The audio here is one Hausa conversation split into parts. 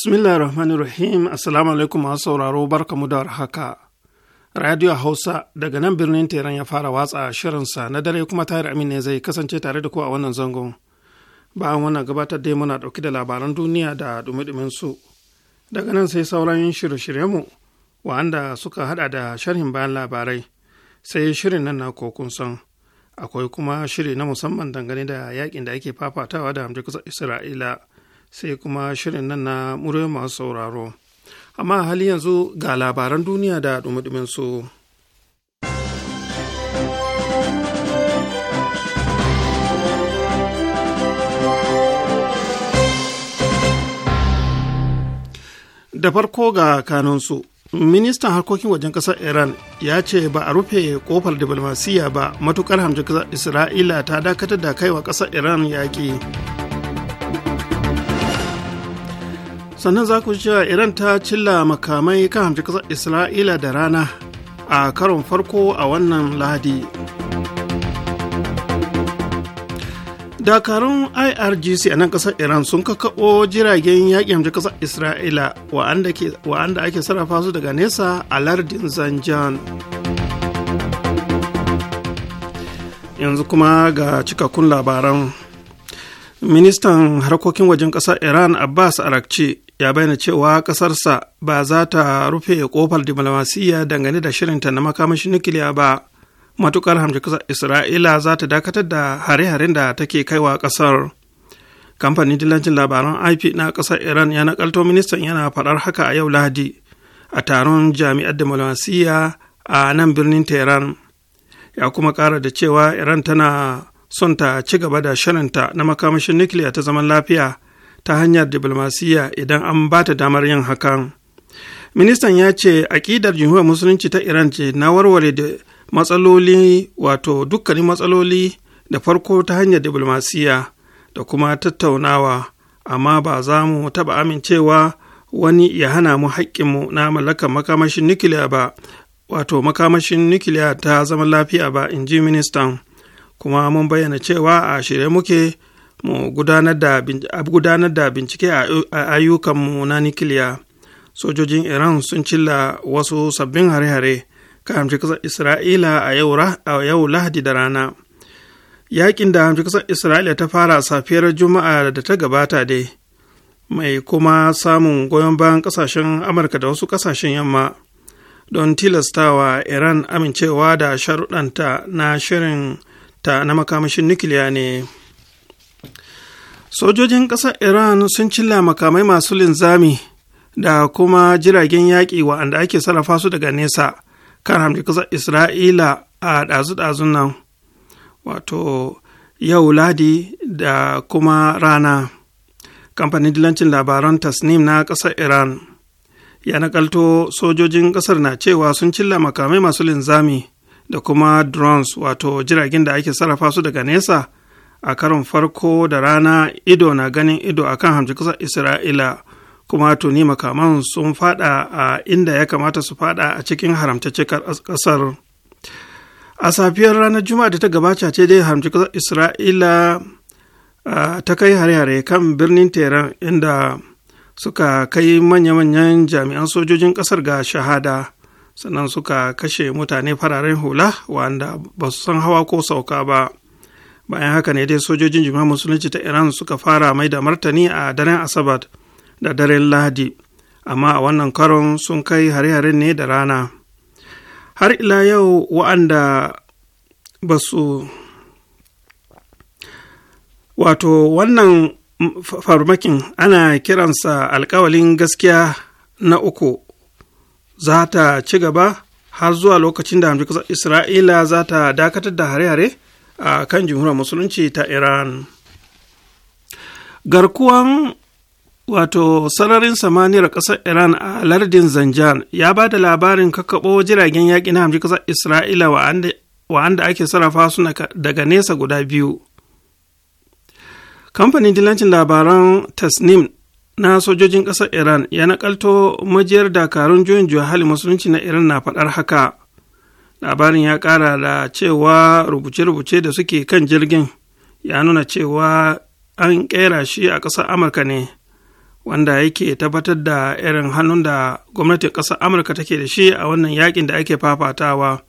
Bismillah rahmanir rahim Assalamu alaikum masu sauraro barkamu da haka. Radio Hausa daga nan birnin Teran ya fara watsa shirinsa na dare kuma Amin amina zai kasance tare da ku a wannan zangon. Bayan wannan gabatar dai muna dauki da labaran duniya da dumi su. Daga nan sai sauran shirye-shiryenmu wa'anda suka hada da sharhin bayan labarai sai shirin nan na kokun san. Akwai kuma shiri na musamman dangane da yakin da ake fafatawa da hamdu Isra'ila. sai kuma shirin nan na murai masu sauraro. Amma hali yanzu ga labaran duniya da dumi su. Da farko ga kanunsu, ministan harkokin wajen ƙasar Iran ya ce ba a rufe kofar diplomasiya ba matukar hamjin kasar Isra'ila ta dakatar da kaiwa ƙasar Iran yaƙi. sannan za ku cewa iran ta cilla makamai kan hamci ƙasar isra'ila da rana a karon farko a wannan lahadi dakarun irgc a nan ƙasar iran sun kakaɓo jiragen yaƙi hamci ƙasar isra'ila wa'anda ake sarrafa su daga nesa a lardin zanjan yanzu kuma ga cikakkun labaran ministan harkokin wajen ƙasar iran abbas arakci ya bayyana cewa ƙasarsa ba za ta rufe kofar diplomasiyya dangane da shirinta na makamashin nukiliya ba matukar hamshe ƙasar isra'ila za ta dakatar da hare-haren da take kaiwa ƙasar kamfanin dillancin labaran ip na ƙasar iran ya nakalto ministan yana faɗar haka a yau lahadi a taron jami'ar diplomasiyya a nan birnin tehran ya kuma ƙara da cewa iran tana son ta ci gaba da shirinta na makamashin nukiliya ta zaman lafiya ta hanyar diplomasiyya idan an ba ta damar yin hakan. Ministan ya ce aƙidar jihuwar musulunci ta Iran ce na warware da matsaloli wato dukkanin matsaloli da farko ta hanyar diplomasiyya da kuma tattaunawa amma ba za mu taɓa amincewa wani ya hana mu haƙƙinmu na mallakar makamashin nukiliya ba wato makamashin nukiliya ta zama lafiya ba in ji ministan kuma mun bayyana cewa a shirye muke mu gudanar da bincike a ayyukanmu na nikiliya sojojin iran sun cilla wasu sabbin hare-hare ka hamshi kasar isra'ila a yau lahadi da rana yakin da hamshi kasar isra'ila ta fara safiyar juma'a da ta gabata dai mai kuma samun goyon bayan kasashen amurka da wasu kasashen yamma don tilastawa iran amincewa da sharuɗanta na shirin ta na makamashin nukiliya ne. sojojin ƙasar iran sun cilla makamai masu linzami da kuma jiragen yaƙi wa'anda ake sarrafa su daga nesa kan hamdi ƙasar isra'ila a ɗazu-ɗazun nan wato yau ladi da kuma rana kamfanin dilancin labaran tasnim na ƙasar iran ya nakalto sojojin ƙasar na cewa sun cilla makamai masu linzami da kuma drones wato jiragen da ake sarrafa su daga nesa a karon farko da rana ido na ganin ido a kan hamshi kusa isra'ila kuma tuni makaman sun fada a inda ya kamata su fada a cikin haramtacce ƙasar a safiyar ranar juma'a da ta gabata ce dai hamshi ƙasar isra'ila ta kai hare-hare kan birnin teran inda suka kai manya-manyan jami'an sojojin ƙasar ga shahada sannan suka kashe mutane fararen hula wanda ba su san hawa ko sauka ba bayan haka ne dai sojojin jima musulunci ta iran suka fara mai da martani a daren asabar da daren lahadi amma a wannan karon sun kai hare-haren ne da rana har ila yau wa'anda ba su wato wannan farmakin ana kiransa alkawalin gaskiya na uku za ta ci gaba har zuwa lokacin da hamdu isra'ila za ta dakatar da hare-hare a kan jimhuriyar musulunci ta iran garkuwan wato sararin samaniyar ƙasar iran a lardin zanjan ya ba da labarin kakkaɓo jiragen yaƙi na hamshin ƙasar isra'ila wa'anda ake sarrafa su daga nesa guda biyu kamfanin dilancin labaran tasnim na sojojin ƙasar iran ya nakalto majiyar dakarun juyin juya hali musulunci na iran na faɗar haka labarin ya kara da cewa rubuce-rubuce da suke kan jirgin ya nuna cewa an kera shi a ƙasar amurka ne wanda yake tabbatar da irin hannun da gwamnatin ƙasar amurka take da shi a wannan yakin da ake fafatawa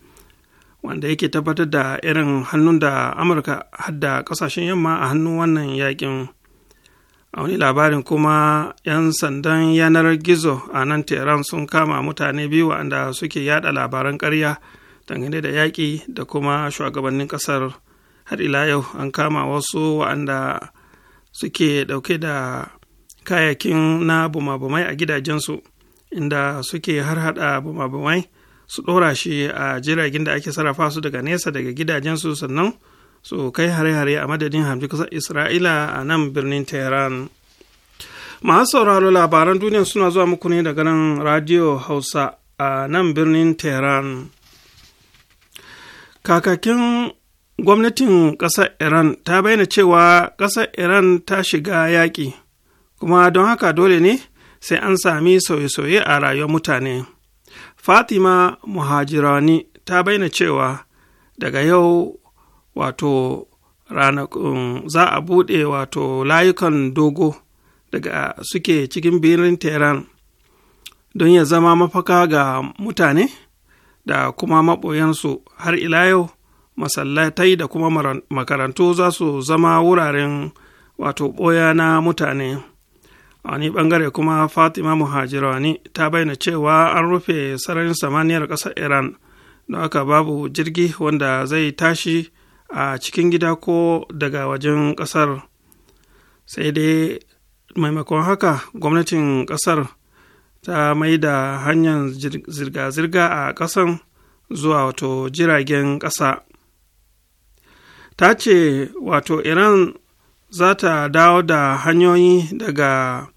wanda yake tabbatar da irin hannun da amurka hadda ƙasashen yamma a hannun wannan yakin a wani labarin kuma 'yan sandan yanar gizo a nan tehran sun kama mutane biyu wanda suke yada labaran ƙarya dangane da yaƙi da kuma shugabannin ƙasar har ila yau an kama wasu wa'anda suke ɗauke da kayakin na bumabumai a gidajensu inda suke har hada bumabumai su ɗora shi a jiragen da ake sarrafa su daga nesa daga gidajensu sannan su kai hare-hare a madadin hamji kusa isra'ila a nan birnin tehran masu sauraro labaran duniya suna zuwa muku ne daga nan radio hausa a nan birnin tehran Kakakin gwamnatin ƙasar Iran ta bayyana cewa ƙasar Iran ta shiga yaƙi, kuma don haka dole ne sai an sami sauye-sauye a rayuwar mutane. Fatima Muhajirani ta bayyana cewa daga yau wato ranakun za a buɗe wato layukan dogo daga suke cikin birnin Tehran don ya zama mafaka ga mutane da kuma maɓoyansu har ila yau masallatai da kuma makarantu za su zama wuraren wato ɓoya na mutane a wani ɓangare kuma fatima muhajirani ta bayyana cewa an rufe sararin samaniyar ƙasar iran da aka babu jirgi wanda zai tashi a cikin gida ko daga wajen ƙasar sai dai maimakon haka gwamnatin ƙasar ta mai da hanyar zirga-zirga a ƙasan zuwa wato jiragen ƙasa ta ce wato iran za ta dawo da hanyoyi daga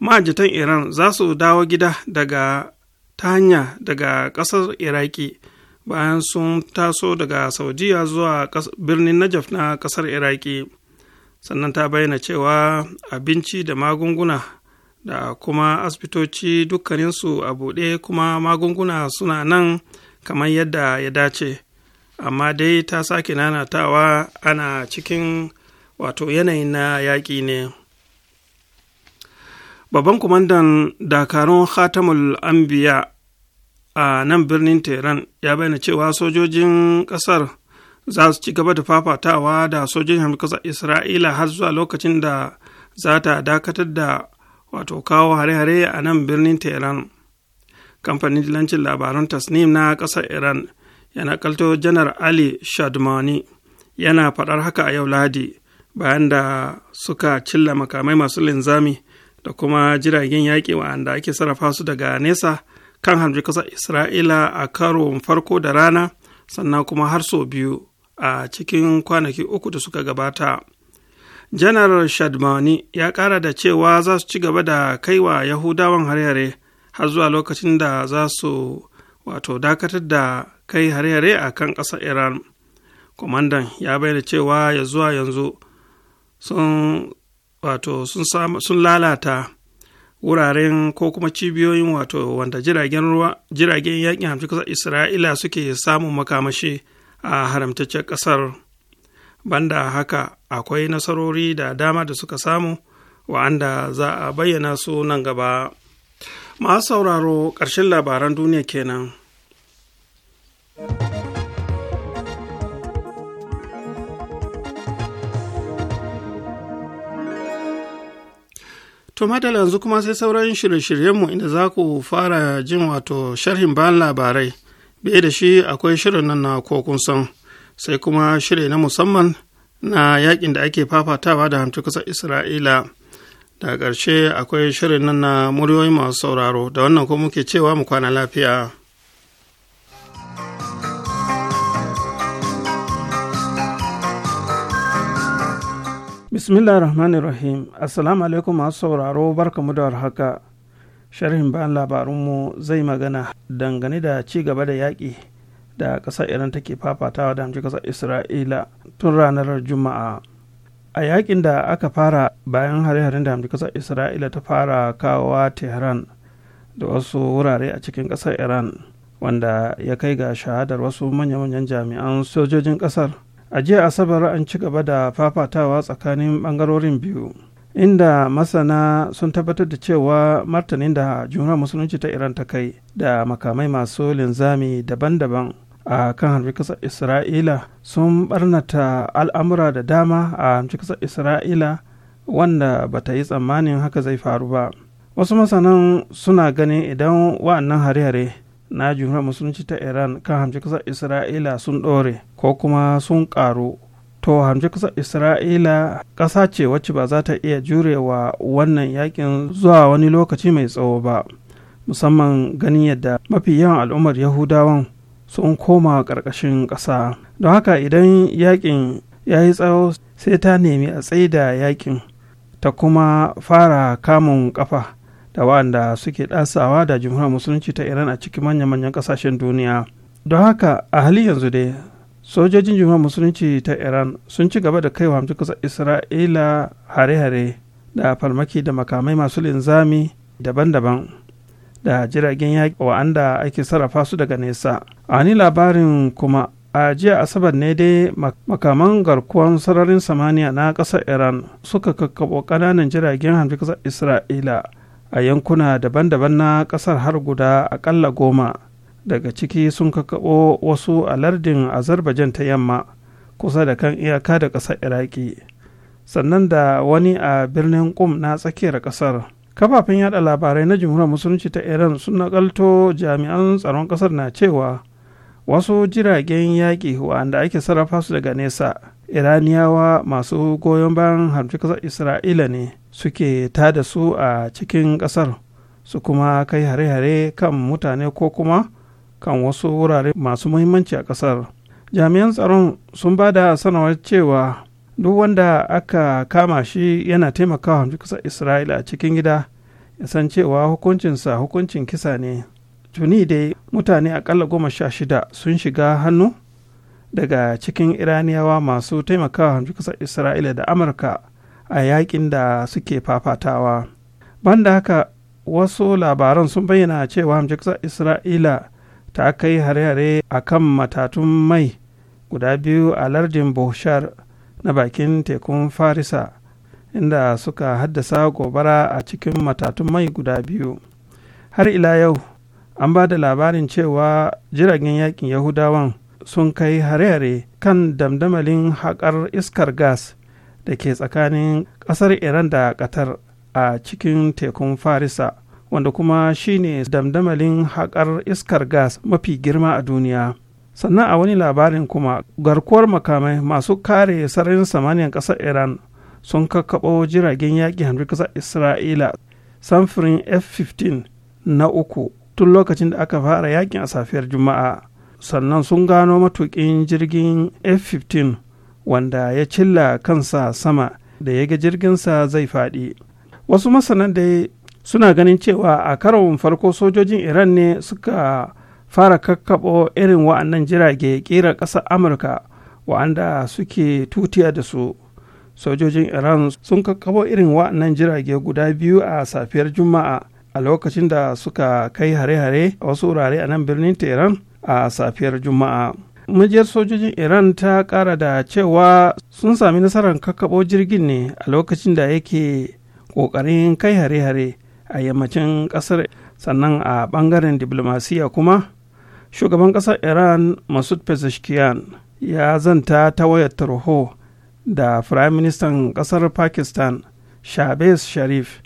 ma'ajitan iran za su dawo gida daga ta hanya daga ƙasar iraki bayan sun taso daga saudiya zuwa birnin najaf na ƙasar iraki sannan ta bayyana cewa abinci da magunguna da kuma asibitoci dukkaninsu a buɗe kuma magunguna suna nan kamar yadda ya dace amma dai ta sake nanatawa ana cikin wato yanayin na yaƙi ne babban kumandan dakarun khatamul anbiya a nan birnin tehran ya bayyana cewa sojojin ƙasar za su ci gaba da fafatawa da sojojin hamikasar isra'ila har zuwa lokacin da za ta dakatar da wato kawo hare-hare a nan birnin tehran kamfanin dilancin labaran tasnim na ƙasar iran yana kalto janar ali shadmani yana faɗar haka a yau lahadi bayan da suka cilla makamai masu linzami da kuma jiragen yaƙi wa'anda ake sarrafa su daga nesa kan harbi ƙasar isra'ila a karon farko da rana sannan kuma har sau biyu a cikin kwanaki uku da suka gabata janar shadmani ya kara da cewa za su ci gaba da kai wa yahudawan har har zuwa lokacin da za su wato dakatar da kai har hare a kan ƙasar iran kwamandan ya bayyana cewa ya zuwa yanzu sun lalata wuraren ko kuma cibiyoyin wato wanda jiragen ruwa jiragen yakin hamsin kasar isra'ila suke samun makamashi a haramtaccen ƙasar banda haka akwai nasarori da dama da suka samu wa'anda za a bayyana su nan gaba masu sauraro ƙarshen labaran duniya kenan. To madala yanzu kuma sai sauran shirye-shiryenmu inda za ku fara jin wato sharhin bayan labarai, biye da shi akwai shirin nan na kokun san sai kuma shirya na musamman na yakin da ake fafatawa da hamci kusa isra'ila da ƙarshe akwai shirin nan na muryoyi masu sauraro da wannan kuma muke cewa mu kwana lafiya bismillah rahmanir rahim assalamu alaikum masu sauraro barkamu da warhaka sharhin bayan labarunmu zai magana dangane da ci gaba da yaƙi da ƙasar iran take fafatawa da hamshi ƙasar isra'ila tun ranar juma'a a yakin da aka fara bayan hare-haren da hamshi ƙasar isra'ila ta fara kawowa tehran da wasu wurare a cikin ƙasar iran wanda ya kai ga shahadar wasu manya-manyan jami'an sojojin ƙasar a jiya asabar an ci gaba da fafatawa tsakanin bangarorin biyu inda masana sun tabbatar da cewa martanin da jumhuriyar musulunci ta iran ta kai da makamai masu linzami daban-daban a kan harbi kasar isra'ila sun barnata al'amura da dama a harbi kasar isra'ila wanda ba ta yi tsammanin haka zai faru ba wasu masanan suna ganin idan wa'annan hare-hare na jumhuriyar musulunci ta iran kan hamci kasar isra'ila sun ɗore ko kuma sun ƙaru to hamci kasar isra'ila ƙasa ce wacce ba za ta iya jure wa wannan yakin zuwa wani lokaci mai tsawo ba musamman ganin yadda mafi yawan al'ummar yahudawan sun koma ƙarƙashin ƙasa don haka idan yakin ya yi tsawo sai ta nemi a tsaida yakin ta kuma fara kamun ƙafa da waɗanda suke ɗasawa da jimhuriyar musulunci ta iran a cikin manya-manyan ƙasashen duniya don haka a halin yanzu dai sojojin jimhuriyar musulunci ta iran sun ci gaba da kai wa kasa isra'ila hare-hare da farmaki da makamai masu linzami daban-daban da jiragen yaƙi wa'anda ake sarrafa su daga nesa a ni labarin kuma a jiya asabar ne dai makaman garkuwan sararin samaniya na ƙasar iran suka kakkaɓo ƙananan jiragen hamsin ƙasar isra'ila a yankuna daban-daban na ƙasar har guda aƙalla goma daga ciki sun kakkaɓo wasu a lardin azerbaijan ta yamma kusa da kan iyaka da ƙasar iraki sannan da wani a birnin kum na tsakiyar ƙasar kafafen yada labarai na jimhuriyar musulunci ta iran sun nakalto jami'an tsaron kasar na cewa wasu jiragen yaƙi wanda ake sarrafa su daga nesa iraniyawa masu goyon bayan harfi kasar isra'ila ne suke ta da su a cikin kasar su kuma kai hare-hare kan mutane ko kuma kan wasu wurare masu muhimmanci a kasar jami'an tsaron sun ba da sanawar cewa duk wanda aka kama shi yana taimakawa hamji kusa isra'ila a cikin gida ya san cewa hukuncinsa hukuncin kisa ne tuni dai mutane akalla goma sha shida sun shiga hannu daga cikin iraniyawa masu taimakawa hamji kusa isra'ila da amurka a yakin da suke fafatawa banda haka wasu labaran sun bayyana cewa hamji kusa isra'ila ta kai hare-hare a kan matatun mai guda biyu a lardin bohshar na bakin tekun farisa inda suka haddasa gobara a cikin matatun mai guda biyu har ila yau an ba da labarin cewa jiragen yakin yahudawan sun kai hare-hare kan damdamalin haƙar iskar gas da ke tsakanin ƙasar iran da ƙatar a cikin tekun farisa wanda kuma shine damdamalin haƙar iskar gas mafi girma a duniya sannan a wani labarin kuma garkuwar makamai masu kare sararin samaniyar ƙasar iran sun kakkaɓo jiragen yaƙi hamsin ƙasar isra'ila samfurin f-15 na uku tun lokacin da aka fara yakin a safiyar juma'a sannan sun gano matuƙin jirgin f-15 wanda ya cilla kansa sama da ya ga jirginsa zai faɗi wasu masana dai suna ganin cewa a karon farko sojojin iran ne suka fara kakkaɓo irin wa'annan jirage ƙirar ƙasar amurka wa'anda suke tutiya da su sojojin iran sun kakkaɓo irin wa'annan jirage guda biyu a safiyar juma'a a lokacin da suka kai hare-hare a wasu wurare a nan birnin tehran a safiyar juma'a majiyar sojojin iran ta kara da cewa sun sami nasarar kakkaɓo jirgin ne a lokacin da yake ƙoƙarin kai hare-hare a yammacin ƙasar sannan a ɓangaren diplomasiya kuma shugaban ƙasar iran masud pezeshkian ya zanta ta wayar tarho da firaministan ƙasar pakistan shabes sharif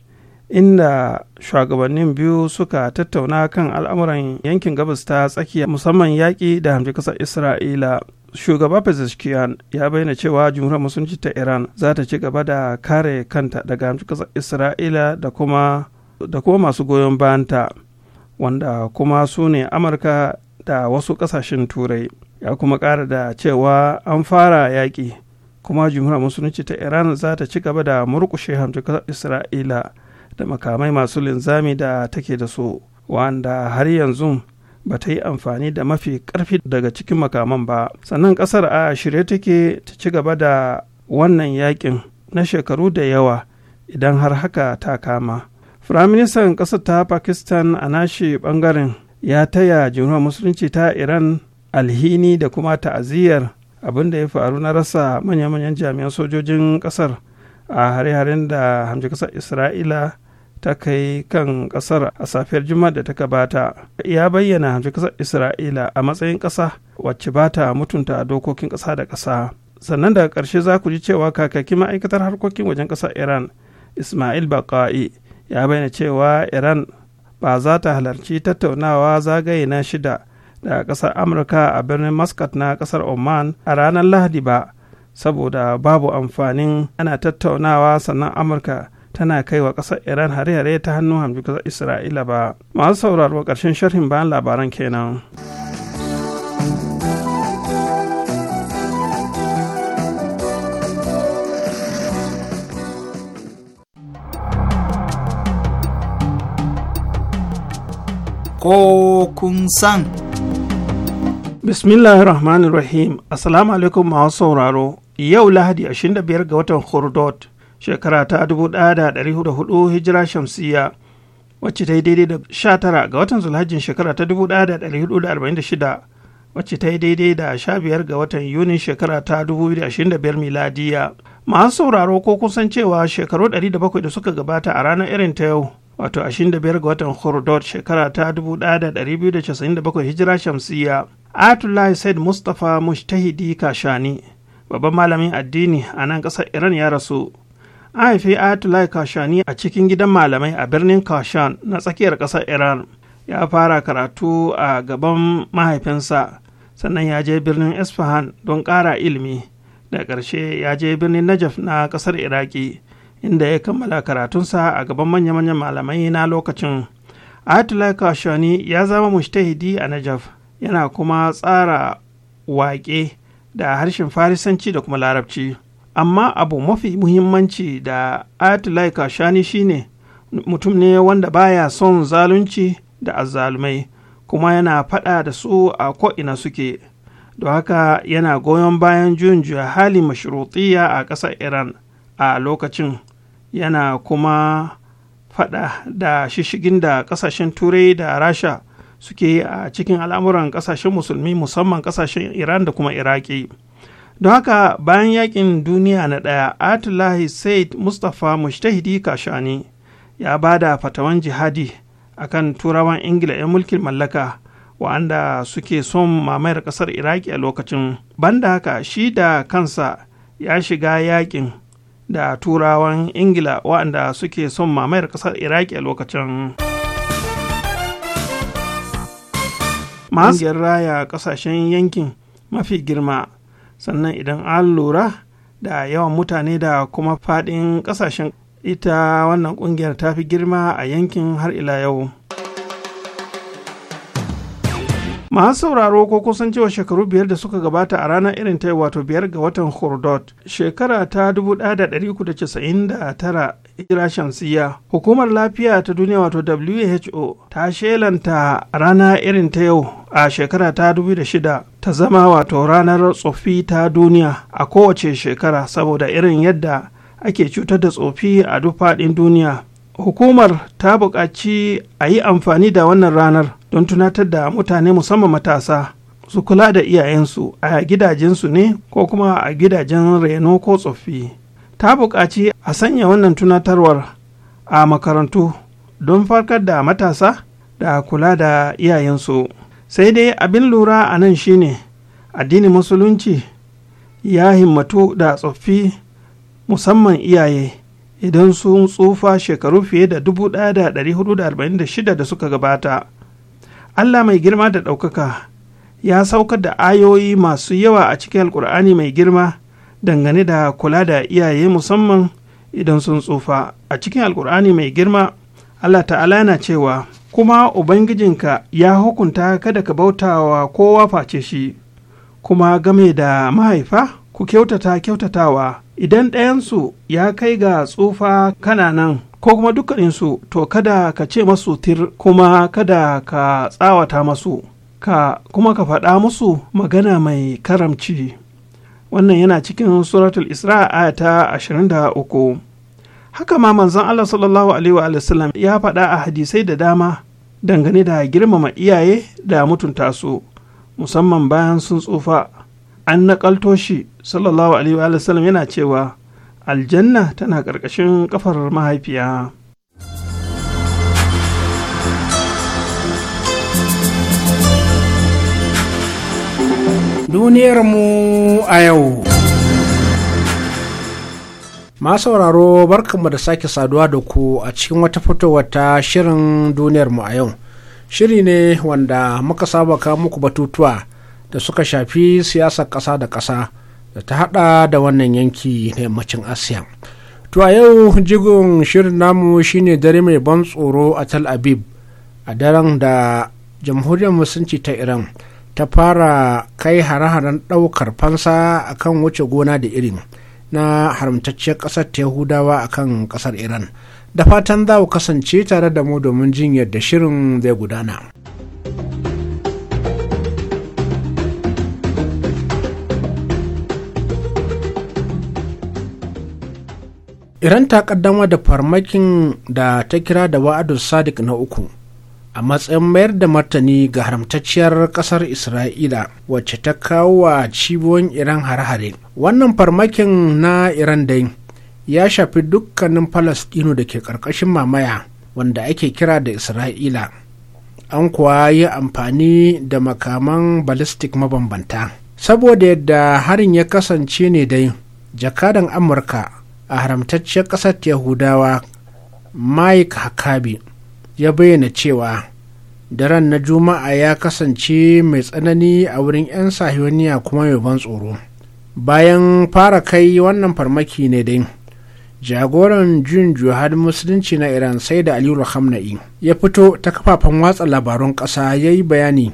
inda shugabannin biyu suka tattauna kan al'amuran yankin gabas ta tsakiya musamman yaƙi da hamfi ƙasar isra'ila shugaba pezeshkian ya bayyana cewa jumhuriyar musulunci ta iran za ta ci gaba da kare kanta daga hamfi ƙasar isra'ila da kuma da kuma masu goyon bayanta wanda kuma su ne amurka da wasu kasashen turai ya kuma ƙara da cewa an fara yaƙi kuma jumhuriyar musulunci ta iran za ta ci gaba da murƙushe hamjikar isra'ila da makamai masu linzami da take da su wanda har yanzu ba ta yi amfani da mafi ƙarfi daga cikin makaman ba sannan ƙasar a shirye take ta ci gaba da wannan yakin na shekaru da yawa idan har haka ta kama firaministan ƙasar ta pakistan a nashi ɓangaren ya taya jumhuriyar musulunci ta iran alhini da kuma ta'aziyar abin da ya faru na rasa manya-manyan jami'an sojojin kasar a hare-haren da hamji kasar isra'ila ta kai kan kasar a safiyar juma'a da ta gabata ya bayyana hamji kasar isra'ila a matsayin kasa wacce ba ta mutunta dokokin kasa da kasa sannan daga ƙarshe za ku ji cewa kakakin ma'aikatar harkokin wajen ƙasar iran ismail baka'i ya bayyana cewa iran ba za ta halarci tattaunawa zagaye na shida da ƙasar amurka a birnin muscat na ƙasar oman a ranar lahadi ba saboda babu amfanin ana tattaunawa sannan amurka tana kai wa ƙasar iran hare-hare ta hannun hamdu isra'ila ba masu sauraro ƙarshen sharhin bayan labaran kenan. ko kun san. Bismillahir Rahmanir Rahim. Assalamu alaikum masu sauraro. Yau Lahadi 25 ga watan Hurdot, shekara ta 1404 Hijira Shamsiyya, wacce ta yi daidai da 19 ga watan Zulhajjin shekara ta 1446, wacce ta yi daidai da 15 ga watan Yunin shekara ta 2025 miladiya. Masu sauraro ko kusan cewa shekaru 107 da suka gabata a ranar irin ta yau. wato 25 ga watan hurdor shekara ta 1297 hijira shamsiya atullahi said mustapha mushtahidi kashani babban malamin addini a nan ƙasar iran ya rasu an haifi atullahi kashani a cikin gidan malamai a birnin kashan na tsakiyar ƙasar iran ya fara karatu a gaban mahaifinsa sannan ya je birnin isfahan don ƙara ilimi da ƙarshe ya je birnin najaf na ƙasar iraki inda ya kammala karatunsa a gaban manya-manyan malamai na lokacin ayatollah kashani ya zama mushtahidi a najaf yana kuma tsara waƙe da harshen farisanci da kuma larabci amma abu mafi muhimmanci da ayatollah kashani shine mutum ne wanda baya son zalunci da azzalumai kuma yana faɗa da su a ko'ina suke don haka yana goyon bayan juyin juya hali mashruɗiya a ƙasar iran a lokacin yana kuma faɗa da shishigin da ƙasashen turai da rasha suke yi a cikin al'amuran ƙasashen musulmi musamman ƙasashen iran da kuma iraki don haka bayan yakin duniya na ɗaya atullahi said mustapha mushtahidi kashani ya ba da fatawan jihadi akan turawan ingila 'yan mulkin mallaka wa'anda suke son mamayar ƙasar iraki a lokacin banda haka shi da kansa ya shiga yakin da turawan ingila waɗanda suke son mamayar ƙasar iraki a lokacin ƙungiyar raya ƙasashen yankin mafi girma sannan idan an lura da yawan mutane da kuma faɗin ƙasashen ita wannan ƙungiyar ta fi girma a yankin har ila yau. masu sauraro ko kusan cewa shekaru biyar da suka gabata a ranar irin ta wato biyar ga watan hordot shekara ta 1999 hijira shamsiya hukumar lafiya ta duniya wato who ta shelanta rana irin ta yau a shekara ta 2006 ta zama wato ranar tsofi ta duniya a kowace shekara saboda irin yadda ake cutar da tsofi a duk faɗin duniya hukumar ta buƙaci a yi amfani da wannan ranar don tunatar da mutane musamman matasa su kula da iyayensu a gidajensu ne ko kuma a gidajen reno ko tsoffi ta buƙaci a sanya wannan tunatarwar a makarantu don farkar da matasa da kula da iyayensu sai dai abin lura a nan shine addinin musulunci ya himmatu da tsoffi musamman iyaye idan sun tsufa shekaru fiye da 1446 da suka gabata allah mai girma da ɗaukaka ya saukar da ayoyi masu yawa a cikin alkur'ani mai girma dangane da kula da iyaye musamman idan sun tsufa a cikin alkur'ani mai girma allah ta'ala yana cewa kuma ubangijinka ya hukunta kada ka bautawa kowa face shi kuma game da mahaifa ku kyautata kyautatawa idan ɗayansu ya kai ga tsufa kananan ko kuma dukkaninsu to kada ka ce masu tir kuma kada ka tsawata masu ka kuma ka faɗa musu magana mai karamci wannan yana cikin suratul isra aya ta 23 haka ma manzon Allah sallallahu alaihi wa sallam ya faɗa a hadisai da dama dangane da girmama iyaye da mutunta su musamman bayan sun tsufa an naƙalto shi sallallahu alaihi wa sallam yana cewa aljanna tana ƙarƙashin ƙafar mahaifiya duniyarmu a yau Ma sauraro barkanmu da sake saduwa da ku a cikin wata fitowar ta shirin duniyarmu a yau. Shiri ne wanda muka saba kawo muku batutuwa da suka shafi siyasar ƙasa da ƙasa da ta hada da wannan yanki na yammacin asiya to a yau jigon shirin namu shine dare mai ban tsoro a Tal Abib, a daren da jamhuriyar musulunci ta iran ta fara kai hare-haren ɗaukar fansa akan wuce gona da irin na haramtacciyar ƙasar ta yahudawa akan ƙasar iran da fatan za kasance tare da mu domin jin yadda shirin zai gudana. iran ta kaddama da farmakin da ta kira da wa'adun sadiq na uku a matsayin mayar da martani ga haramtacciyar kasar isra'ila wacce ta kawo wa cibiyoyin iran har-hare wannan farmakin na iran dai ya shafi dukkanin falastinu da ke karkashin mamaya wanda ake kira da isra'ila an kuwa yi amfani da makaman ballistic mabambanta saboda yadda harin ya kasance ne dai jakadan amurka a haramtacciyar ƙasar yahudawa mike hakabi ya bayyana cewa daren na juma'a ya kasance mai tsanani a wurin 'yan sahiyoniya kuma mai ban tsoro bayan fara kai wannan farmaki ne dai jagoran jin juhar musulunci na iran sai da aliyu hamna'i ya fito ta kafafen watsa labarun ƙasa ya yi bayani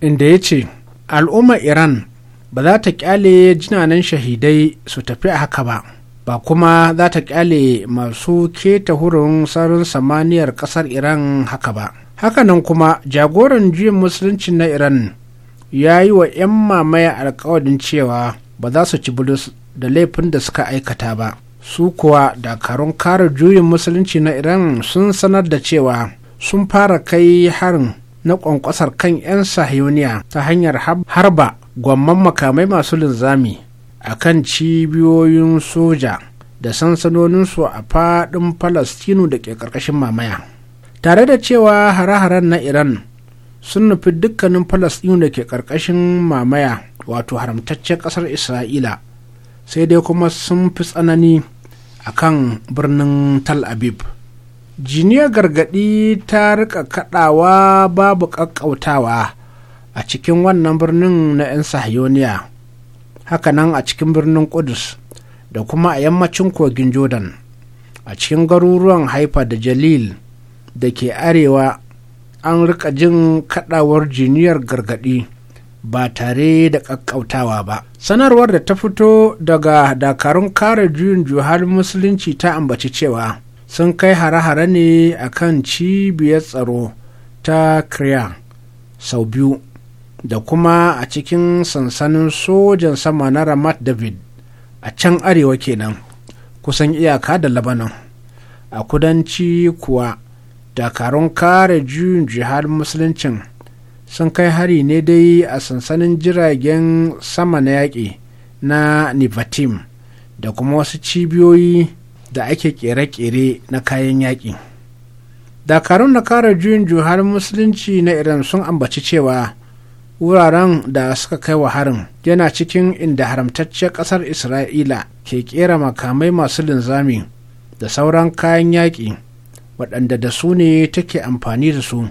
inda ya ce al'ummar iran ba za ta kyale jinanan shahidai su tafi a haka ba ba kuma za ta kyale masu keta hurin sarin samaniyar kasar iran haka ba hakanan kuma jagoran juyin musulunci na iran ya yi wa 'yan mamaya alkawarin cewa ba za su ci bulus da laifin da suka aikata ba su kuwa dakarun kare juyin musulunci na iran sun sanar da cewa sun fara kai harin na kwankwasar kan 'yan sahiyoniya ta hanyar harba gwamman makamai masu linzami a kan cibiyoyin soja da sansanoninsu a faɗin falastinu da ke ƙarƙashin mamaya tare da cewa hare-haren na iran sun nufi dukkanin falastinu da ke ƙarƙashin mamaya wato haramtaccen ƙasar isra'ila sai dai kuma sun fi tsanani a kan birnin Tal Abib. jiniyar gargadi ta rika kaɗawa babu ƙaƙƙautawa a cikin wannan birnin na 'yan sahiyoniya Haka nan, a cikin birnin Kudus da kuma a yammacin kogin Jordan, a cikin garuruwan Haifa da Jalil da ke arewa an rika jin kadawar jiniyar gargadi ba tare da ƙaƙƙautawa ba. Sanarwar da ta fito daga dakarun kare juyin juhar musulunci ta ambaci cewa sun kai hare-hare ne a kan cibiyar tsaro ta Kriya sau biyu da kuma a cikin sansanin sojan sama na ramat david a can arewa kenan kusan iyaka da Labanan, a kudanci kuwa dakarun kare juyin jihar musuluncin sun kai hari ne dai a sansanin jiragen sama na yaƙi na nivatim da kuma wasu cibiyoyi da ake kere-kere na kayan yaƙi dakarun na kare juyin jihar musulunci na iran sun ambaci cewa wuraren da suka kai wa harin yana cikin inda haramtacciyar ƙasar isra'ila ke ƙera makamai masu linzami da sauran kayan yaƙi waɗanda da su ne take amfani da su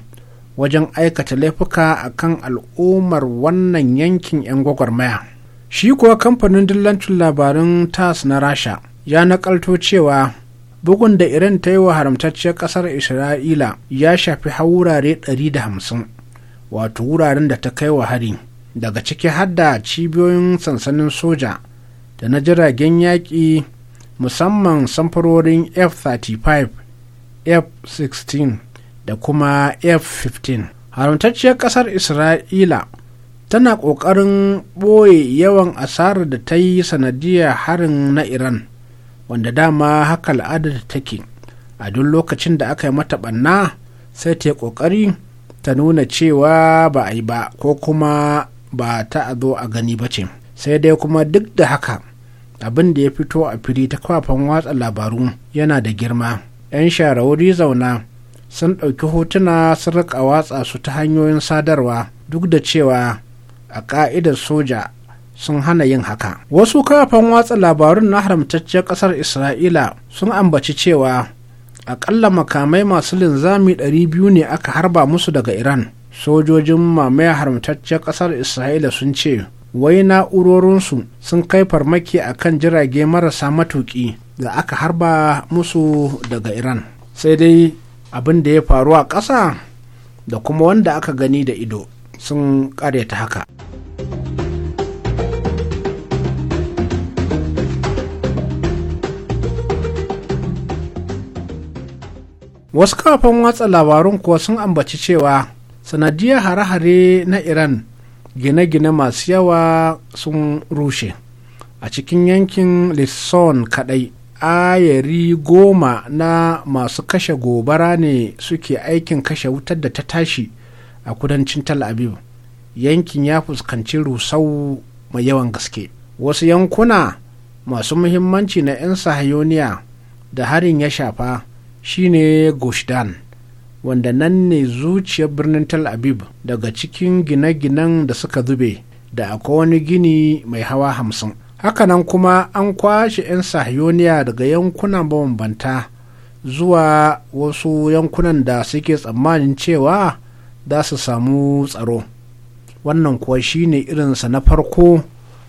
wajen aikata laifuka a kan al'ummar wannan yankin 'yan gwagwarmaya shi kuwa kamfanin dillancin labarin tas na rasha ya nakalto cewa bugun da irin ta yi wa haramtacciyar ƙasar isra'ila ya shafi haurare 150 wato wuraren da ta kai wa hari daga ciki hadda cibiyoyin sansanin soja da na jiragen yaƙi musamman samfurorin f-35 f-16 da kuma f-15 haramtacciyar ƙasar isra'ila tana ƙoƙarin ɓoye yawan asarar da ta yi sanadiyar harin na iran wanda dama haka al'adar take a duk lokacin da aka yi mata ɓanna sai ta yi ƙoƙari ta nuna cewa ba a yi ba ko kuma ba ta a zo a gani ba ce sai dai kuma duk da haka abin da ya fito a fili ta kafafen watsa labaru yana da girma 'yan shara wuri zauna sun ɗauki hotuna sun rika watsa su ta hanyoyin sadarwa duk da cewa a ƙa'idar soja sun hana yin haka wasu kafafen watsa labarun na haramtaccen ƙasar isra'ila sun ambaci cewa akalla makamai masu linzami 200 ne aka harba musu daga iran sojojin mamaya haramtacciyar kasar isra'ila sun ce wai na'urorinsu sun kai farmaki a kan jirage marasa matuki da aka harba musu daga iran sai dai abin da ya faru a ƙasa da kuma wanda aka gani da ido sun ƙaryata haka. wasu kafin watsa labarun kuwa sun ambaci cewa sanadiyar hare-hare na iran gine-gine masu yawa sun rushe a cikin yankin lisson kadai ayari goma na masu kashe gobara ne suke aikin kashe wutar da ta tashi a kudancin tel aviv yankin ya fuskanci rusau mai yawan gaske wasu yankuna masu muhimmanci na 'yan sahayoniya da harin ya shafa shine gushdan wanda nan ne zuciyar birnin tel aviv daga cikin gine-ginen da suka zube da akwai wani gini mai hawa hamsin hakanan kuma an kwashe 'yan sahiyoniya daga yankunan mabambanta zuwa wasu yankunan da suke tsammanin cewa za su samu tsaro wannan kuwa shine irinsa na farko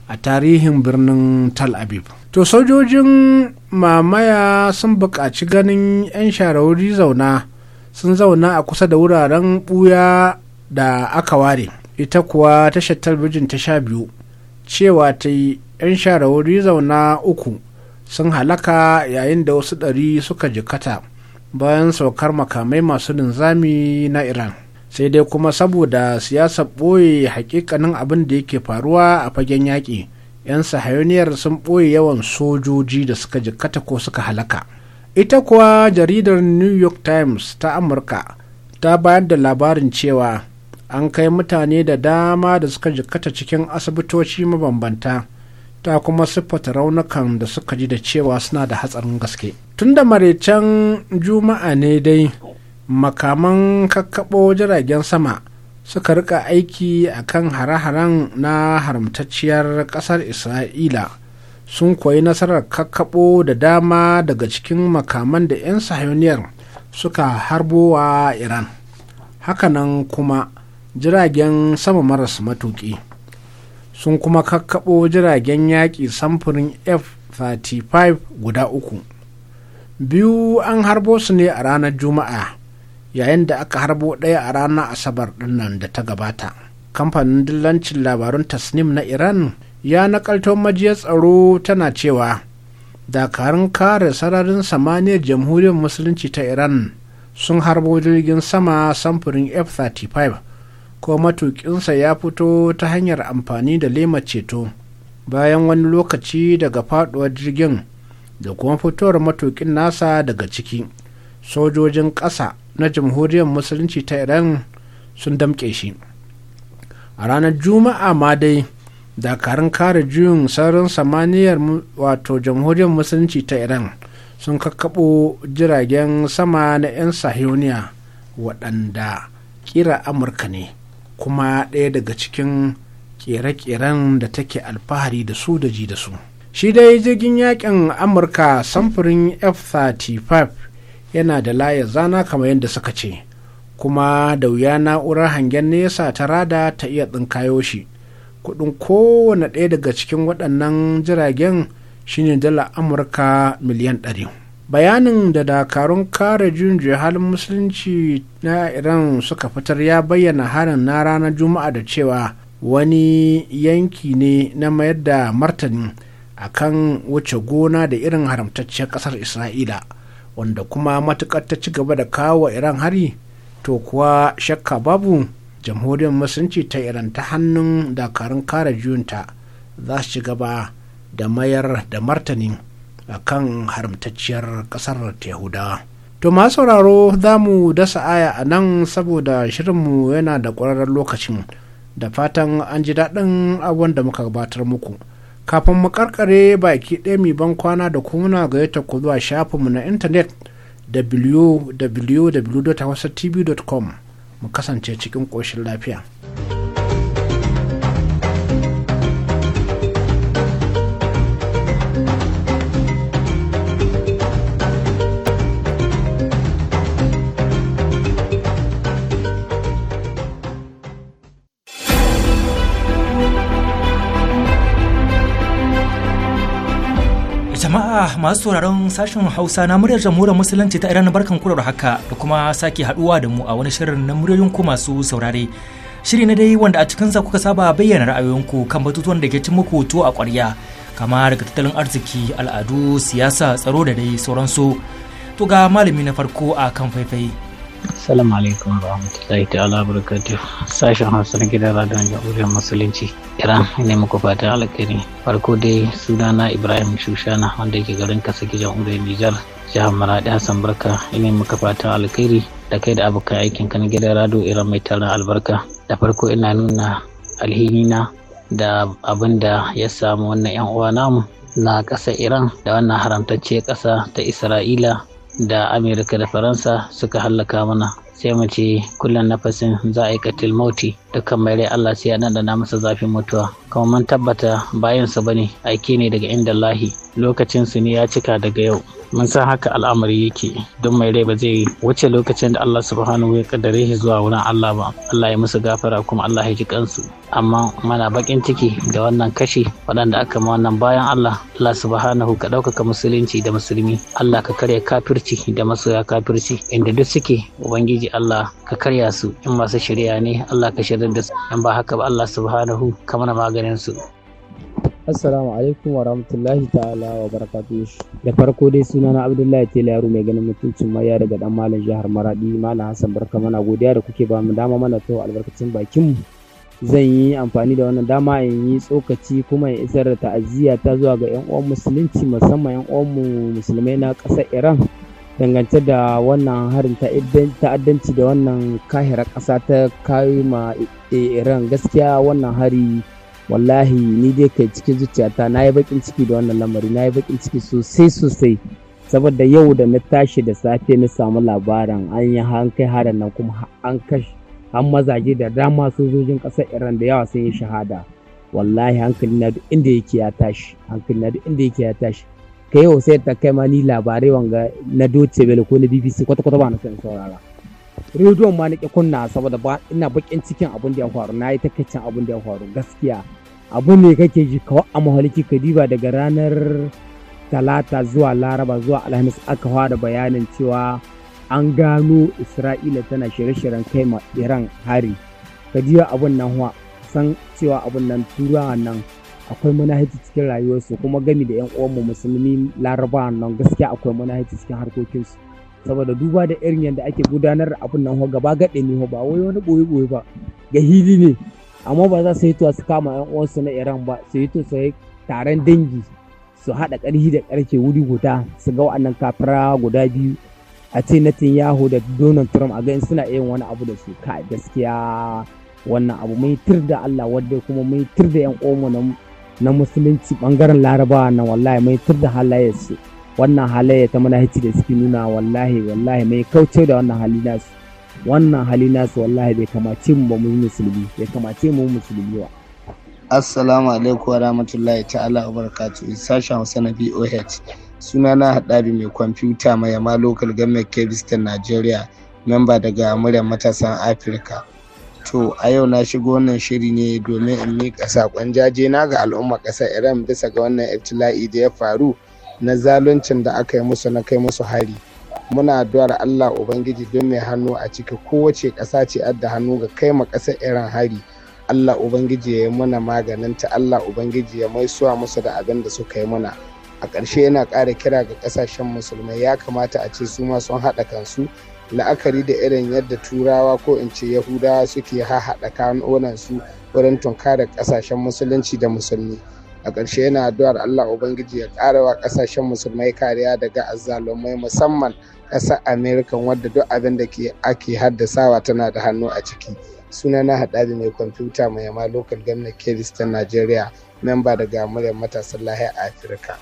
a tarihin birnin Tal Abib. To sojojin mamaya sun buƙaci ganin 'yan sharawuri zauna sun zauna a kusa da wuraren ɓuya da aka ware ita kuwa tashar talbijin ta sha biyu cewa ta yi 'yan sharawuri zauna uku sun halaka yayin da wasu ɗari suka jikata bayan saukar makamai masu linzami na iran sai dai kuma saboda siyasar ɓoye hakikanin abin da yake faruwa a fagen yaƙi 'yan sahayoniyar sun ɓoye yawan sojoji da suka jikkata ko suka halaka ita kuwa jaridar new york times ta amurka ta bayar da labarin cewa an kai mutane da dama da suka jikkata cikin asibitoci mabambanta ta kuma siffata raunukan da suka ji da cewa suna da hatsarin gaske tun da maraicen juma'a ne dai makaman kakkaɓo jiragen sama suka rika aiki a kan hare-haren na haramtacciyar ƙasar isra'ila sun koyi nasarar kakkaɓo da dama daga cikin makaman da 'yan sahiyoniyar suka harbo wa iran hakanan kuma jiragen sama maras matuƙi sun kuma kakkaɓo jiragen yaƙi samfurin f-35 guda uku biyu an harbo su ne a ranar juma'a yayin da aka harbo ɗaya a ranar asabar dinnan da ta gabata kamfanin dillancin labarun tasnim na iran ya nakalto majiyar tsaro tana cewa dakarun kare sararin samaniyar jamhuriyar musulunci ta iran sun harbo jirgin sama samfurin f-35 ko matukinsa ya fito ta hanyar amfani da lema ceto bayan wani lokaci daga faduwar jirgin da kuma fitowar matukin nasa daga ciki sojojin ƙasa na jamhuriyar musulunci ta iran sun damƙe shi a ranar juma'a ma dai dakarun kare juyin sauran samaniyar wato jamhuriyar musulunci ta iran sun kakkaɓo jiragen sama na 'yan sahiyoniya waɗanda ƙira amurka ne kuma ɗaya daga cikin ƙere-ƙeren da take alfahari da su da ji da su shi dai jirgin yakin amurka samfurin f-35 yana da layar zana kamar yadda suka ce kuma da wuya na'urar hangen nesa ta rada ta iya tsinkayo shi kudin kowane ɗaya daga cikin waɗannan jiragen shine dala amurka miliyan ɗari. bayanin da dakarun kare juyin halin musulunci na iran suka fitar ya bayyana harin na ranar juma'a da cewa wani yanki ne na mayar da martani akan wuce gona da irin haramtacciyar ƙasar isra'ila wanda kuma matukar ta ci gaba da kawo wa iran hari to kuwa shakka babu jamhuriyar musulunci ta iran ta hannun dakarun kare juyunta za su ci gaba da mayar da martani a kan haramtacciyar ƙasar yahudawa to ma sauraro za mu dasa aya a nan saboda shirinmu yana da ƙwararren lokacin da fatan an ji daɗin abubuwan da muka gabatar muku. kafin mu karkare baki ɗaya mai ban kwana da kuma gayyata ku zuwa shafinmu na intanet www.hausatv.com mu kasance cikin ƙoshin lafiya. masu sauraron sashen Hausa na muryar jamhuriyar musulunci ta Iran barkan kurar haka da kuma sake haduwa da mu a wani shirin na muryoyin ku masu saurare. Shiri na dai wanda a cikinsa kuka saba bayyana ra'ayoyinku kan batutuwan da ke cin muku to a kwarya kama daga tattalin arziki, al'adu, siyasa, tsaro da dai sauransu. To ga malami na farko a kan faifai. Assalamu alaikum wa warahmatullahi ta'ala barakatuh. Sashen Hausa na gidan radon jamhuriyar Musulunci. Iran ne muku fata alkhairi. Farko dai sunana Ibrahim Shushana wanda yake garin Kasaki jamhuriyar Nijar. Jihar Maradi Hassan Barka ne muka fata alkhairi da kai da abokan aikin kan gidan rado Iran mai tara albarka. Da farko ina nuna alhinina da abin da ya samu wannan 'yan uwa namu na ƙasar Iran da wannan haramtacce ƙasa ta Isra'ila da amerika da faransa suka hallaka mana sai mu ce kullum nafasin za a yi katil mauti dukkan mai rai Allah sai ya na masa zafin mutuwa kuma mun tabbata bayan su bane aike ne daga inda lahi lokacin su ne ya cika daga yau mun san haka al'amari yake don mai rai ba zai wuce lokacin da Allah subhanahu ya kaddare shi zuwa wurin Allah ba Allah ya musu gafara kuma Allah ya ji kansu amma mana bakin ciki da wannan kashi waɗanda aka ma wannan bayan Allah Allah subhanahu ka ɗaukaka musulunci da musulmi Allah ka karya kafirci da masoya kafirci inda duk suke ubangiji Allah ka karya su in masu shari'a ne Allah ka shirya zazzabin an ba haka ba Allah subhanahu kamar maganin su Assalamu alaikum wa rahmatullahi ta'ala wa barakatuh. Da farko dai sunana Abdullahi Tela yaro mai ganin mutuncin maya daga dan malam jihar Maradi Malam Hassan Barka mana godiya da kuke ba mu dama mana to albarkacin bakin mu. Zan yi amfani da wannan dama in yi tsokaci kuma in isar da ta'aziyya ta zuwa ga 'yan uwan musulunci musamman 'yan uwan mu musulmai na ƙasar Iran dangance da wannan harin ta'addanci da wannan kahira kasa ta kayi ma e-, iran gaskiya wannan hari wallahi ni dai kai cikin zuciyata na yi bakin ciki da wannan lamari na yi bakin ciki sosai sosai saboda yau da na tashi da safe na samu labarin an yi an kai harin nan kuma an kashi an mazaje da dama sojojin ƙasar iran da yawa sun yi shahada wallahi hankali na hankali na duk inda yake ya tashi ka yau sai ta kai mani labarai wanga na doce bele ko na BBC kwata kwata ba na son saurara rediyon ma na ke kunna saboda ba ina bakin cikin abin da ya faru na yi takaicin abin da ya faru gaskiya abu ne kake ji kawai a mahaliki ka diba daga ranar talata zuwa laraba zuwa alhamis aka fara bayanin cewa an gano isra'ila tana shirye-shiryen kai ma iran hari ka diba abin nan san cewa abin nan turawa nan akwai manahaji cikin rayuwarsu kuma gami da 'yan uwanmu musulmi laraba nan gaskiya akwai manahaji cikin harkokinsu saboda duba da irin yadda ake gudanar da abin nan gaba gaɗe ne ba wai wani boye boye ba ga hili ne amma ba za su yi su kama 'yan uwansu na iran ba su yi su yi taron dangi su haɗa ƙarfi da ƙarfe wuri guda su ga wa'annan kafira guda biyu a ce tin yahoo da donald trump a gani suna yin wani abu da su ka gaskiya wannan abu mai tir da allah wadda kuma mai tir da 'yan uwanmu na musulunci bangaren larabawa na wallahi mai tur da halayensu wannan halayya ta manahici da suke nuna wallahi wallahi mai kauce da wannan hali nasu wannan hali nasu wallahi bai kamace mu ba mu musulmi bai kamace mu musulmi ba assalamu alaikum wa rahmatullahi ta'ala wa barakatuh sashen hausa na boh suna na haɗari mai kwamfuta mai yama local government kebistan nigeria memba daga muryar matasan afirka To a yau na shigo wannan shiri ne domin in miƙa saƙon na ga al'umma ƙasar Iran bisa ga wannan ibtila'i da ya faru na zaluncin da aka yi musu na kai musu hari. Muna addu'ar Allah Ubangiji don mai hannu a ciki kowace ƙasa ce adda hannu ga kai ma ƙasar Iran hari. Allah Ubangiji ya yi mana ta Allah Ubangiji ya mai suwa musu da abin da suka yi mana. A ƙarshe yana ƙara kira ga ƙasashen musulmai ya kamata a ce su ma sun haɗa kansu la'akari da irin yadda turawa ko in ce yahudawa suke hahaɗa kanonan su wurin tunkarar ƙasashen musulunci da musulmi a ƙarshe yana addu'ar allah ubangiji ya ƙara wa ƙasashen musulmai kariya daga azzalumai musamman ƙasar amerika wadda duk abin da ake haddasawa tana da hannu a ciki suna na haɗari mai kwamfuta mai yama lokal gwamnan kedis ta najeriya memba daga muryar matasan lahiyar afirka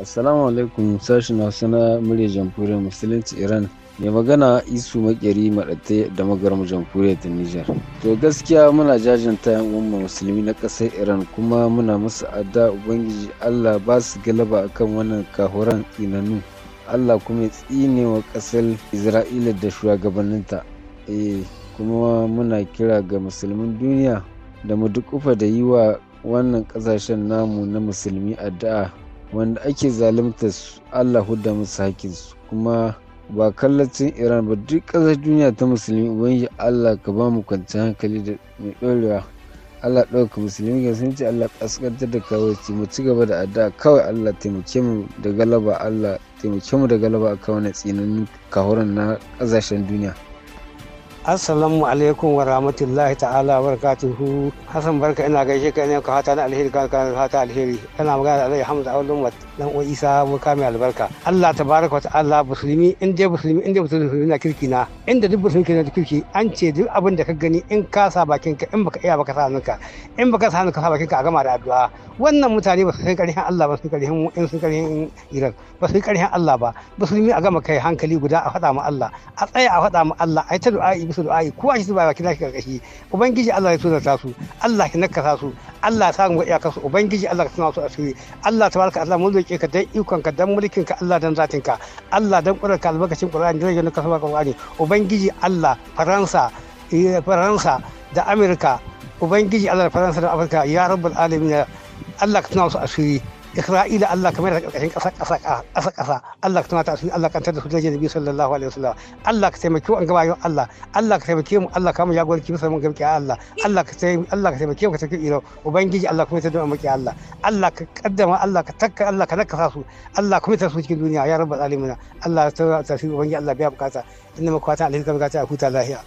assalamu alaikum sashen hausa na murya jamhuriyar musulunci iran mai magana isu makeri maɗate da magaram jamhuriyar ta nijar to gaskiya muna jajanta yan umar musulmi na ƙasar iran kuma muna musu adda ubangiji allah ba su galaba akan wannan kahoran tsinanu allah kuma ya tsine wa ƙasar isra'ila da shugabanninta eh kuma muna kira ga musulmin duniya da mu dukufa da yi wa wannan ƙasashen namu na musulmi addu'a wanda ake zalunta su allah hudda musu hakinsu kuma ba kallacin iran ba duk ƙasar duniya ta musulmi ubangiji allah ka ba mu kwanci hankali da mai ɗorewa allah ɗauka musulmi ga sun ce allah ƙasƙantar da kawai mu ci gaba da addu'a kawai allah taimake mu da galaba allah taimake mu da galaba a kawai na tsinanin kahoran na ƙasashen duniya assalamu alaikum wa rahmatullahi ta'ala wa barakatuhu hasan barka ina gaishe ka ne ka hata na alheri ka ka hata alheri kana magana da Alhaji Hamza Awlum wa dan uwa Isa mu kame albarka Allah tabaraka wa ta'ala musulmi in dai musulmi in dai musulmi na kirki na inda duk musulmi ke da kirki an ce duk abin da ka gani in ka sa bakin ka in baka iya baka sa hannunka in baka sa hannunka sa bakin ka a gama da addu'a wannan mutane ba su san karihin Allah ba su karihin in su karihin Iran ba su karihin Allah ba musulmi a gama kai hankali guda a faɗa ma Allah a tsaya a faɗa ma Allah ai ta du'a musu du'a'i ko a shi su ba baki nashi karkashi ubangiji Allah ya ta su Allah ya ta su Allah ya samu mu su ubangiji Allah ka tuna su asiri Allah tabaraka Allah mun roke ka dan ikon ka dan mulkin ka Allah dan zatin ka Allah dan ka albakacin Qur'ani da rage nakasa ka Qur'ani ubangiji Allah Faransa eh, Faransa da Amurka ubangiji Allah Faransa da Afirka ya rabbul alamin Allah ka tuna su asiri Isra'ila Allah kamar da ƙarƙashin ƙasa ƙasa ƙasa ƙasa Allah ka tunata su Allah a tada su da Nabi sallallahu alaihi wasallam Allah ka taimake mu an gaba yau Allah Allah ka taimake mu Allah ka mu jagoranci musa mun gamke Allah Allah ka taimake Allah ka taimake mu ka tafi ilo ubangiji Allah kuma tada mu Allah Allah ka kaddama Allah ka takka Allah ka nakasa su Allah kuma ta su cikin duniya ya rabbal alamin Allah ta ta su ubangiji Allah biya bukata inna makwata alaihi kamar ta huta lahiya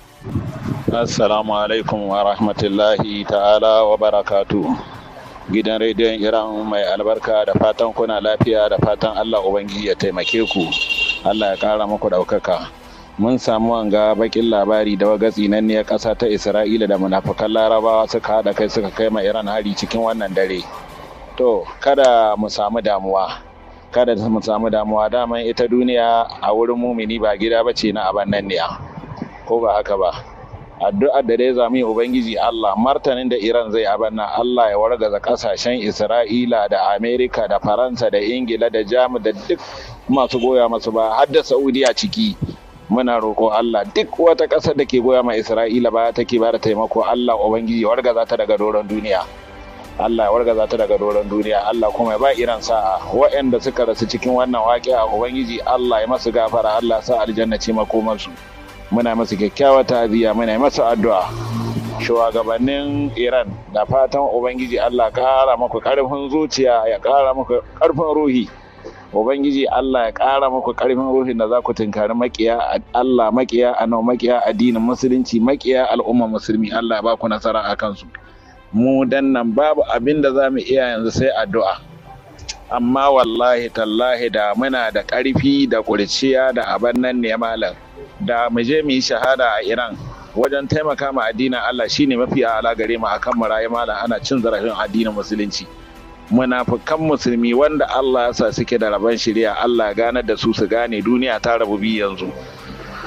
assalamu alaikum wa rahmatullahi ta'ala wa barakatuh gidan rediyon iran mai albarka da fatan kuna lafiya da fatan allah ubangiji ya taimake ku allah ya kara muku daukaka mun samu wanga bakin labari da wagatsi nan ne kasa ta isra'ila da munafukan larabawa suka haɗa kai suka kai ma iran hari cikin wannan dare to kada mu samu damuwa kada mu samu damuwa daman ita duniya a wurin mumini ba gida ba ce na abannan ne ko ba haka ba addu'a da dai zami ubangiji Allah martanin da Iran zai abanna Allah ya wargaza kasashen Isra'ila da Amerika da Faransa da Ingila da Jamus da duk masu goya masu ba har da Saudiya ciki muna roƙo Allah duk wata ƙasa da ke goya ma Isra'ila ba take ba da taimako Allah ubangiji ya wargaza ta daga doron duniya Allah ya wargaza ta daga doron duniya Allah kuma ya ba iran sa'a waɗanda suka rasu cikin wannan waƙi a ubangiji Allah ya masu gafara Allah sa aljanna ce makomarsu. muna masa kyakkyawa ta'aziyya muna masa addu'a shugabannin iran da fatan ubangiji allah kara maku karfin zuciya ya kara maku karfin ruhi ubangiji allah ya kara maku karfin ruhi da za ku tunkari makiya allah makiya anau makiya addinin musulunci makiya al'umma musulmi allah ba ku nasara a kansu mu dan babu abin da za mu iya yanzu sai addu'a amma wallahi tallahi da muna da karfi da kurciya da abannan nan ne malam da mu je mu yi shahada a Iran wajen taimaka ma addinin Allah shine mafi ala gare mu akan mu rayu malam ana cin zarafin addinin musulunci munafukan musulmi wanda Allah ya sa suke da rabon shari'a Allah gane da su su gane duniya ta rabu bi yanzu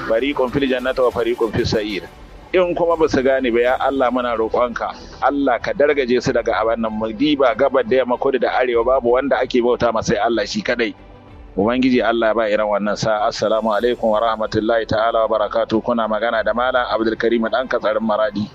fariqun fil jannati wa fariqun fis sa'ir in kuma ba su gane ba ya Allah muna roƙonka Allah ka dargaje su daga abannan mudiba gabar da yamma kudu da arewa babu wanda ake bauta masa sai Allah shi kadai ubangiji Allah ba irin wannan sa assalamu alaikum wa rahmatullahi ta'ala wa barakatu kuna magana da malam abdulkarim dan katsarin maradi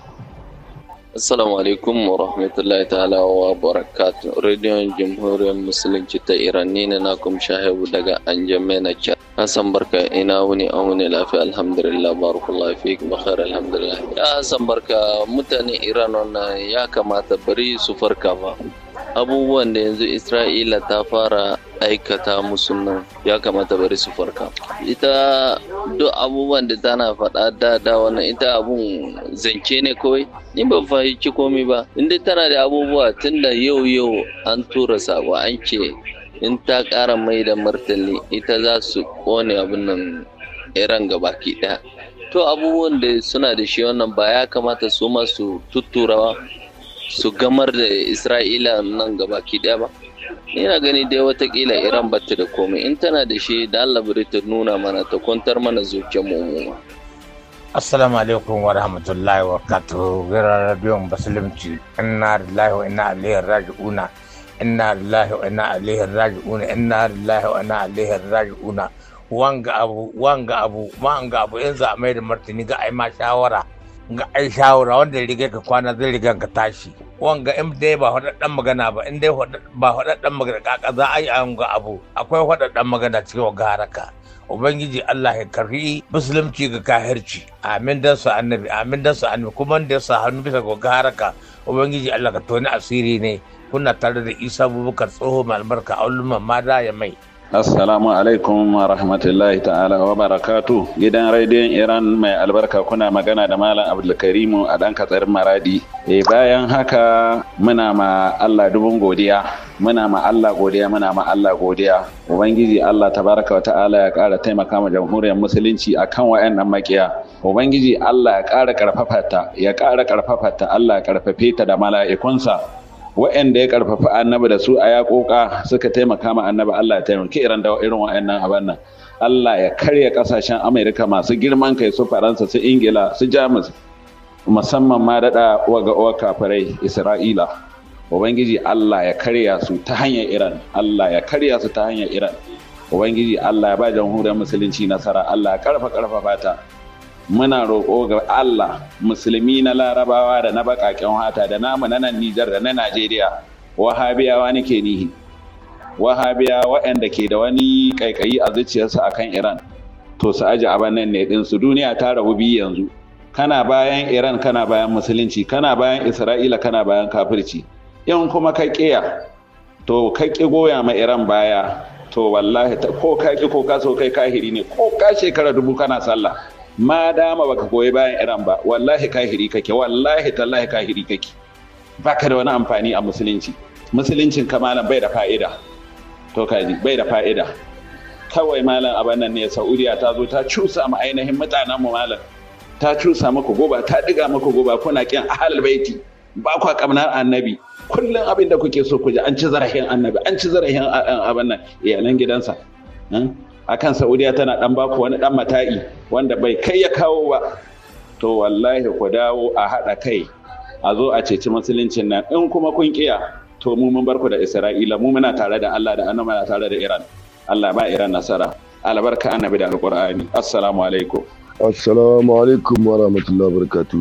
assalamu alaikum wa rahmatullahi ta'ala wa barakatu rediyon jamhuriyar musulunci ta iran ne na nakum shahibu daga anjamena cha Hassan barka ina wuni an wuni lafiya alhamdulillah barakallahu fik bakhair alhamdulillah ya Hassan barka mutane iran wannan ya kamata bari su farka ba abubuwan da yanzu isra'ila ta fara aikata musu nan ya kamata bari su farka ita duk abubuwan da tana faɗa da da wannan ita abun zance ne kawai in ban fahimci komai ba inda tana da abubuwa tun da yau yau an tura sako, an ce in ta ƙara mai da martani ita za su ƙone abin nan iran gabaki ɗaya to abubuwan da suna da shi wannan ba ya kamata su masu tutturawa su gamar da isra'ila nan gaba ki daya ba ina gani dai watakila iran bata da komai in tana da shi da allah ta nuna mana ta kwantar mana zuciyar mu assalamu alaikum wa rahmatullahi wa kato gara rabiyon musulunci inna lillahi wa inna ilaihi raji'una inna lillahi wa inna ilaihi raji'una inna lillahi wa inna ilaihi raji'una wanga abu wanga abu wanga abu yanzu a mai da martini ga ai ma shawara ga ai shawara wanda ya riga ka kwana zai riga ka tashi wanga in dai ba faɗaɗɗen magana ba in dai ba faɗaɗɗen magana kaka za a yi a ga abu akwai faɗaɗɗen magana cikin wanga haraka ubangiji Allah ya karri musulunci ga kahirci amin dan su annabi amin dan su annabi kuma da sa hannu bisa ga haraka ubangiji Allah ka toni asiri ne kuna tare da Isa Abubakar tsoho malmarka a ulumma mada ya mai Assalamu alaikum wa rahmatullahi ta'ala wa barakatu. Gidan rediyon Iran mai albarka kuna magana da Malam Abdulkarimu a ɗan katsar Maradi. E bayan haka muna ma Allah dubun godiya. Muna ma Allah godiya muna ma Allah godiya. Ubangiji Allah tabaraka wa ta'ala ya ƙara taimaka ma jamhuriyar musulunci akan wayannan makiya. Ubangiji Allah ya ƙara ƙarfafa ta, ya ƙara ƙarfafa Allah ya ƙarfafe ta da mala'ikunsa. wa'anda ya karfafa annabi da su a yakoka suka taimaka ma annabi Allah ya taimaki irin da irin wa'annan abin nan Allah ya karya kasashen Amerika masu girman kai su Faransa su Ingila su Jamus musamman ma daɗa waga kafirai Isra'ila Ubangiji Allah ya karya su ta hanyar Iran Allah ya karya su ta hanyar Iran Ubangiji Allah ya ba jamhuriyar musulunci nasara Allah ya karfa karfafa ta muna roƙo ga Allah musulmi na larabawa da na baƙaƙen hata da namu na nan Nijar da na Najeriya wahabiyawa nake nihi wahabiya waɗanda ke da wani ƙaiƙayi a zuciyarsu a kan Iran to su aji a nan ne din su duniya ta rabu biyu yanzu kana bayan Iran kana bayan musulunci kana bayan Isra'ila kana bayan kafirci in kuma ka ƙiya to ka ƙi goya ma Iran baya to wallahi ko ka ƙi ko ka so kai kahiri ne ko ka shekara dubu kana sallah ma dama baka koyi bayan Iran ba wallahi kahiri kake wallahi tallahi kahiri kake baka da wani amfani a musulunci musuluncin ka malam bai da fa'ida to kaji bai da fa'ida kawai malam abin nan ne Saudiya ta zo ta cusa mu ainihin mutanen mu malam ta cusa muku goba ta diga muku goba kuna kin ahlul baiti ba kwa kamnar annabi kullum abin da kuke so ku ji an ci zarahin annabi an ci zarahin eh, abin nan iyalan gidansa hmm? akan saudiya tana dan baku wani dan mata'i wanda bai kai ya kawo ba to wallahi ku dawo a haɗa kai a zo a ceci musuluncin nan in kuma kun kiya to mu mun barku da isra'ila mu muna tare da allah da annabi muna tare da iran allah ba iran nasara albarka annabi da alqur'ani assalamu alaikum assalamu alaikum wa rahmatullahi wa barakatuh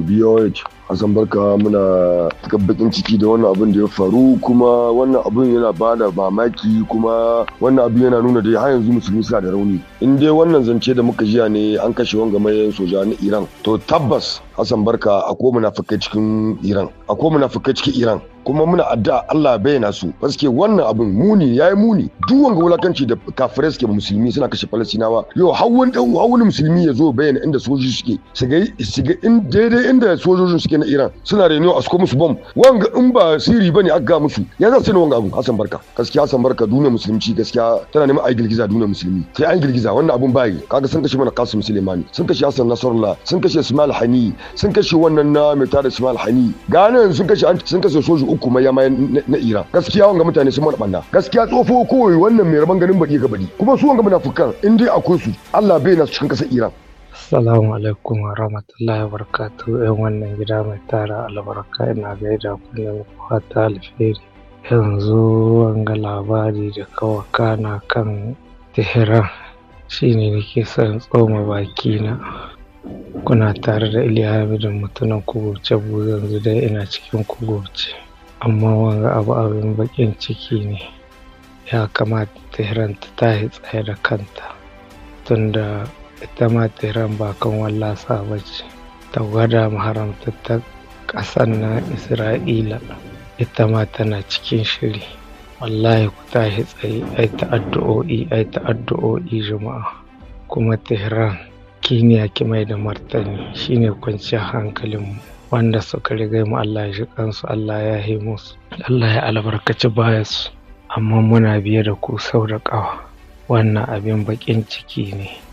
Hassan Barka muna bakin ciki da wannan abin da ya faru kuma wannan abin yana bada mamaki kuma wannan abin yana nuna da har yanzu musulmi suna da rauni. In dai wannan zance da muka jiya ne an kashe wanga mayan soja na Iran to tabbas Hassan Barka akwai munafukai cikin Iran a akwai munafukai cikin Iran kuma muna addu'a Allah bai na su gaske wannan abin muni yayi muni duk wanga wulakanci da kafirai suke musulmi suna kashe Falastinawa yo har wani musulmi ya zo bayyana inda sojoji suke su ga inda daidai inda sojojin suke na Iran suna reno a suko musu bom wanga in ba siri bane aka ga musu ya za su ne wanga abu Hassan Barka gaskiya Hassan Barka duniya musulunci gaskiya tana neman ai girgiza duniya musulmi sai an girgiza wannan abun bai kaga sun kashe mana Qasim Suleimani sun kashe Hassan Nasrullah sun kashe Ismail Hani sun kashe wannan na mai tada Ismail Hani gane sun kashe sun kashe soji uku mai yama na Iran gaskiya wanga mutane sun mana banda gaskiya tsofo kowai wannan mai raban ganin baki ga bari kuma su wanga munafukan in dai akwai su Allah bai na cikin kasar Iran Assalamu alaikum wa rahmatullahi wa barakatu ‘yan wannan gida mai tara albarka ina gaida kullum fata alfahari. Yanzu wanga labari da kawaka na kan Tehran shine nake son tsoma bakina. Kuna tare da Iliya da mutunan Kugurce yanzu dai ina cikin Kugurce. Amma wanga abu abin bakin ciki ne. Ya kamata Tehran ta tahi tsaye da kanta. Tunda ita ma tehran ba kan wallasa ba ce ta gwada maharamtattar ƙasar na isra'ila ita ma tana cikin shiri wallahi ku tashi tsaye ai addu'o'i ai addu'o'i juma'a. kuma tehran kiniya ki mai da martani shine kwanciyar hankalin wanda suka riga mu Allah ya ji kansu Allah ya yi musu Allah ya albarkaci bayansu amma muna biye da ku sau da ƙawa wannan abin baƙin ciki ne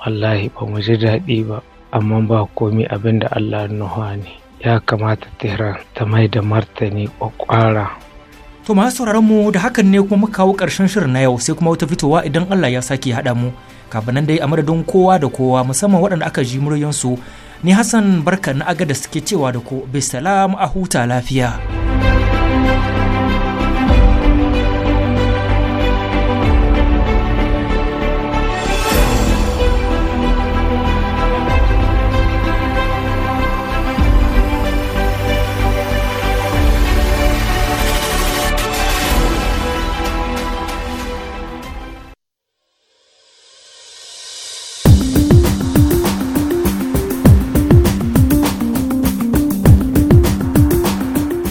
wallahi ba mu ji daɗi ba amma ba komi abin da allah nuhu ne ya kamata tehran ta mai da martani kwakwara to masu sauraron mu da hakan ne kuma muka kawo ƙarshen shirin na yau sai kuma wata fitowa idan allah ya sake haɗa mu kafin nan dai a madadin kowa da kowa musamman waɗanda aka ji muryansu ni hassan barka na agada suke cewa da ku bisalam a huta lafiya.